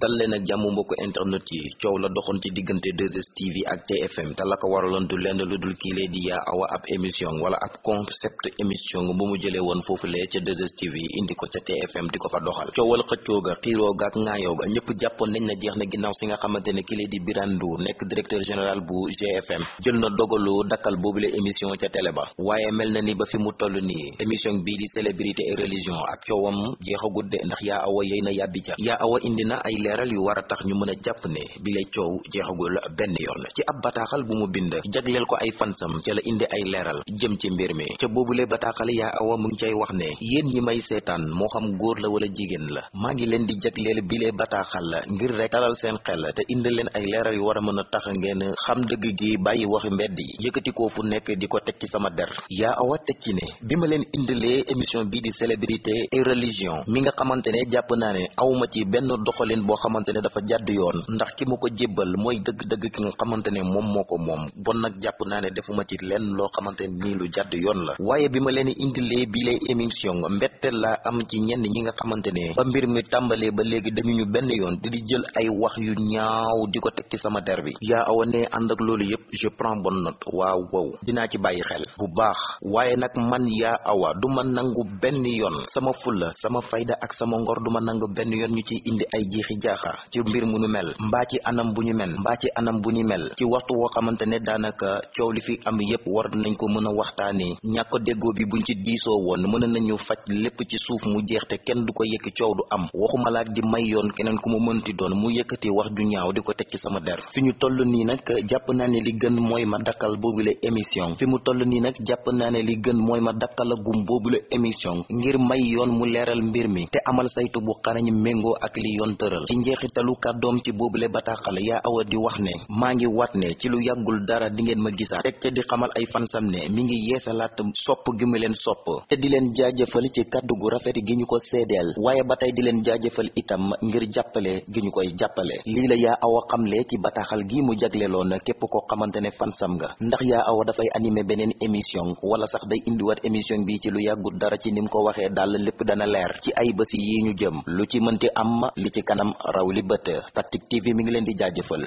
dal leen ak jàmm mbokk internet yi coow la doxoon ci diggante 2 ak TFM te la ko waraloon du lenn lu dul kii lee di yaa awa ab émission wala ab concept émission bu mu jëlee woon foofu lee ca 2STV indi ko ca TFM di ko fa doxal coowal xëccoo ga xiiroo ga ak ŋaayoo ga ñëpp jàppoon nañ na jeex na ginnaaw si nga xamante ne kii lee di Birane Ndour nekk directeur général bu GFM jël na dogalu boobu boobule émission ca télé ba waaye mel na ni ba fi mu toll nii émission bii di célébrité et religion ak coowam jeexagut de ndax yaa awa leeral yu war a tax ñu mën a jàpp ne bi lay coow jeexagul benn yoon ci ab bataaxal bu mu bind jagleel ko ay fansam ca la indi ay leeral jëm ci mbir mi ca boobule bataaxal yaa awa mu ngi cay wax ne yéen ñi may moo xam góor la wala jigéen la maa ngi leen di jagleel bi lay bataaxal la ngir rek talal seen xel te indi leen ay leeral yu war a mën a tax ngeen xam dëgg gi bàyyi waxi mbedd yi yëkkati ko fu nekk di ko teg ci sama der yaa a teg ci ne bi ma leen indilee émission bi di célébrité et religion mi nga xamante ne jàpp naa ne awma ci benn doxalin boo xamante ne dafa jàdd yoon ndax ki mu ko jébbal mooy dëgg-dëgg ki nga xamante ne moom moo ko moom bon nag jàpp naa ne defuma ci lenn loo xamante ne nii lu jàdd yoon la waaye bi ma leen indilee bi lay émission mbetteel laa am ci ñenn ñi nga xamante ne ba mbir mi tàmbalee ba léegi dañu ñu benn yoon di di jël ay wax yu ñaaw di ko teg ci sama der bi yaa awa ne ànd ak loolu yëpp je prends bon note waaw wow dinaa ci bàyyi xel bu baax waaye nag man yaa awa du nangu benn yoon sama fulla sama fayda ngor du ma nangu benn shaqa ci mbir mu nu mel mbaa ci anam bu ñu mel ci bu ñu mel ci waxtu woo xamante ne daanaka coow li fi am yépp war nañ ko mën a waxtaani ñàkk déggoo bi buñ ci diisoo woon mën nañu faj lépp ci suuf mu jeex te kenn du ko yëkki coow du am waxuma laak di may yoon keneen ku mu mënti doon mu yëkkati wax ju ñaaw di ko teg ci sama der fi ñu toll nii nag jàpp naa ne li gën mooy ma dakkal la émission fi mu toll nii nag jàpp naa ne li gën mooy ma dakkal gum boobule émission ngir may mu leeral mbir mi njeexitalu kàddoom ci boobule bataaxal yaa awa di wax ne maa ngi wat ne ci lu yàggul dara di ngeen ma gisaat teg ca di xamal ay fansam ne mu ngi yeesalaat sopp gi mu leen sopp te di leen jaajëfal ci kàddu gu rafet gi ñu ko seedeel waaye ba tey di leen jaajëfal itam ngir jàppale gi ñu koy jàppale lii la yaa awa xamle ci bataaxal gi mu jagleloon képp koo xamante ne fansam nga ndax yaa awa dafay animer beneen émission wala sax day indiwaat émission bi ci lu yàggul dara ci ni mu ko waxee daal lépp dana leer ci ay raw li bët Tactic TV mi ngi leen di jaajëfal